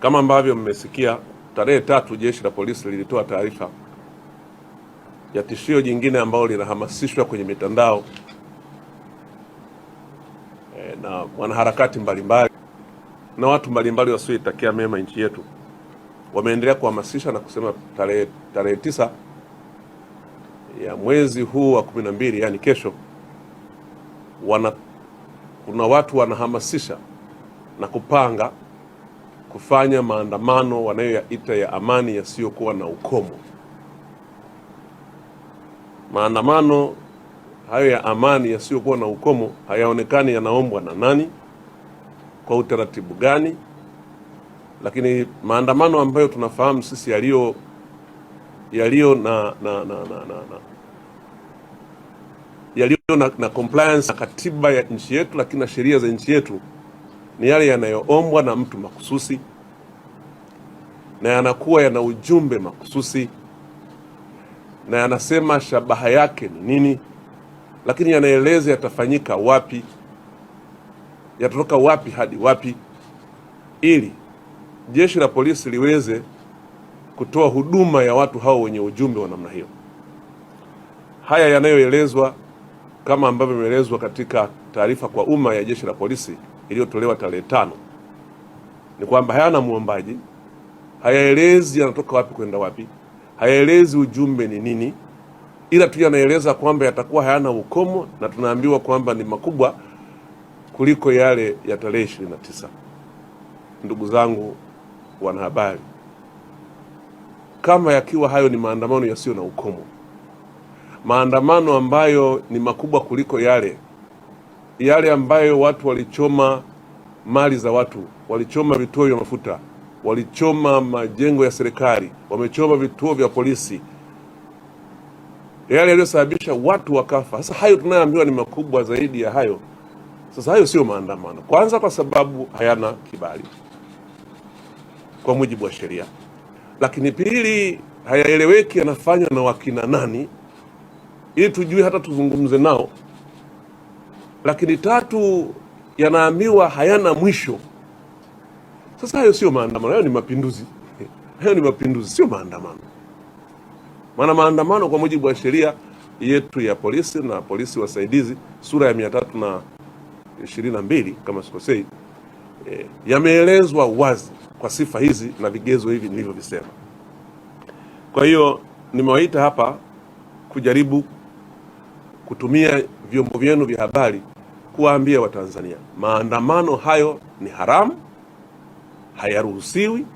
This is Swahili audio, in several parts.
Kama ambavyo mmesikia, tarehe tatu jeshi la polisi lilitoa taarifa ya tishio jingine ambalo linahamasishwa kwenye mitandao e, na wanaharakati mbalimbali na watu mbalimbali wasioitakia mema nchi yetu wameendelea kuhamasisha na kusema tarehe tarehe tisa ya mwezi huu wa kumi na mbili yani kesho, wana kuna watu wanahamasisha na kupanga kufanya maandamano wanayoyaita ya amani yasiyokuwa na ukomo. Maandamano hayo ya amani yasiyokuwa na ukomo hayaonekani yanaombwa na nani, kwa utaratibu gani, lakini maandamano ambayo tunafahamu sisi yaliyo yaliyo na na, na, na, na, na. yaliyo na, na compliance na katiba ya nchi yetu, lakini na sheria za nchi yetu ni yale yanayoombwa na mtu makususi na yanakuwa yana ujumbe makususi na yanasema shabaha yake ni nini, lakini yanaeleza yatafanyika wapi, yatatoka wapi hadi wapi, ili jeshi la polisi liweze kutoa huduma ya watu hao wenye ujumbe wa namna hiyo. Haya yanayoelezwa kama ambavyo imeelezwa katika taarifa kwa umma ya jeshi la polisi iliyotolewa tarehe tano ni kwamba hayana mwombaji hayaelezi yanatoka wapi kwenda wapi, hayaelezi ujumbe ni nini, ila tu yanaeleza kwamba yatakuwa hayana ukomo na tunaambiwa kwamba ni makubwa kuliko yale ya tarehe ishirini na tisa. Ndugu zangu wanahabari, kama yakiwa hayo ni maandamano yasiyo na ukomo, maandamano ambayo ni makubwa kuliko yale yale ambayo watu walichoma mali za watu, walichoma vituo vya mafuta walichoma majengo ya serikali, wamechoma vituo vya polisi, yale yaliyosababisha watu wakafa. Sasa hayo tunayoambiwa ni makubwa zaidi ya hayo. Sasa hayo sio maandamano, kwanza kwa sababu hayana kibali kwa mujibu wa sheria, lakini pili, hayaeleweki yanafanywa na wakina nani ili tujue hata tuzungumze nao, lakini tatu, yanaambiwa hayana mwisho. Sasa hayo sio maandamano, hayo ni mapinduzi. Hayo ni mapinduzi, sio maandamano. Maana maandamano kwa mujibu wa sheria yetu ya polisi na polisi wasaidizi sura ya mia tatu na ishirini na mbili kama sikosei, e, yameelezwa wazi kwa sifa hizi na vigezo hivi nilivyovisema. Kwa hiyo nimewaita hapa kujaribu kutumia vyombo vyenu vya habari kuwaambia Watanzania maandamano hayo ni haramu hayaruhusiwi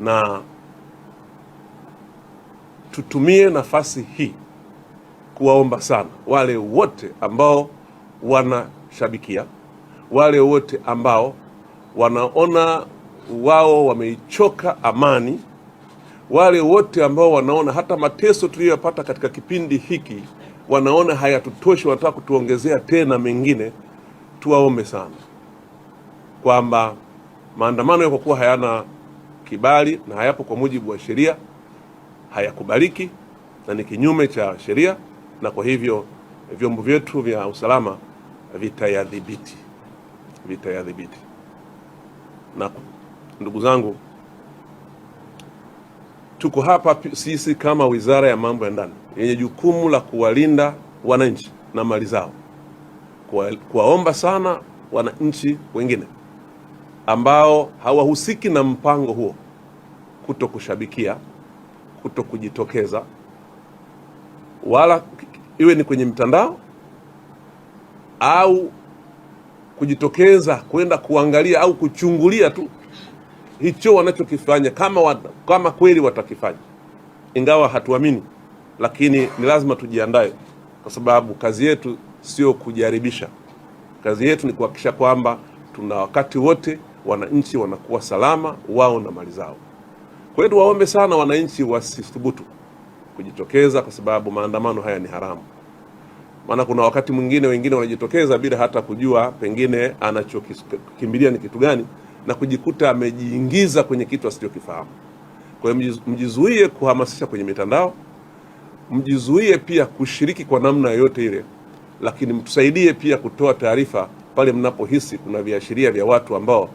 na tutumie nafasi hii kuwaomba sana wale wote ambao wanashabikia, wale wote ambao wanaona wao wameichoka amani, wale wote ambao wanaona hata mateso tuliyoyapata katika kipindi hiki wanaona hayatutoshi, wanataka kutuongezea tena mengine, tuwaombe sana kwamba maandamano yapokuwa hayana kibali na hayapo kwa mujibu wa sheria, hayakubaliki na ni kinyume cha sheria, na kwa hivyo vyombo vyetu vya usalama vitayadhibiti vitayadhibiti. Na ndugu zangu, tuko hapa sisi kama Wizara ya Mambo ya Ndani yenye jukumu la kuwalinda wananchi na mali zao, kuwaomba sana wananchi wengine ambao hawahusiki na mpango huo, kuto kushabikia, kuto kujitokeza, wala iwe ni kwenye mtandao au kujitokeza kwenda kuangalia au kuchungulia tu hicho wanachokifanya, kama wa, kama kweli watakifanya, ingawa hatuamini, lakini ni lazima tujiandae, kwa sababu kazi yetu sio kujaribisha. Kazi yetu ni kuhakikisha kwamba tuna wakati wote wananchi wanakuwa salama wao na mali zao. Kwa hiyo tuwaombe sana wananchi wasithubutu kujitokeza, kwa sababu maandamano haya ni haramu. Maana kuna wakati mwingine wengine wanajitokeza bila hata kujua pengine anachokimbilia ni kitu gani, na kujikuta amejiingiza kwenye kitu asichokifahamu. Kwa hiyo mjizuie kuhamasisha kwenye mitandao, mjizuie pia kushiriki kwa namna yoyote ile, lakini mtusaidie pia kutoa taarifa pale mnapohisi kuna viashiria vya watu ambao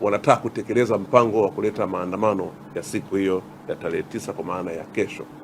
wanataka kutekeleza mpango wa kuleta maandamano ya siku hiyo ya tarehe tisa, kwa maana ya kesho.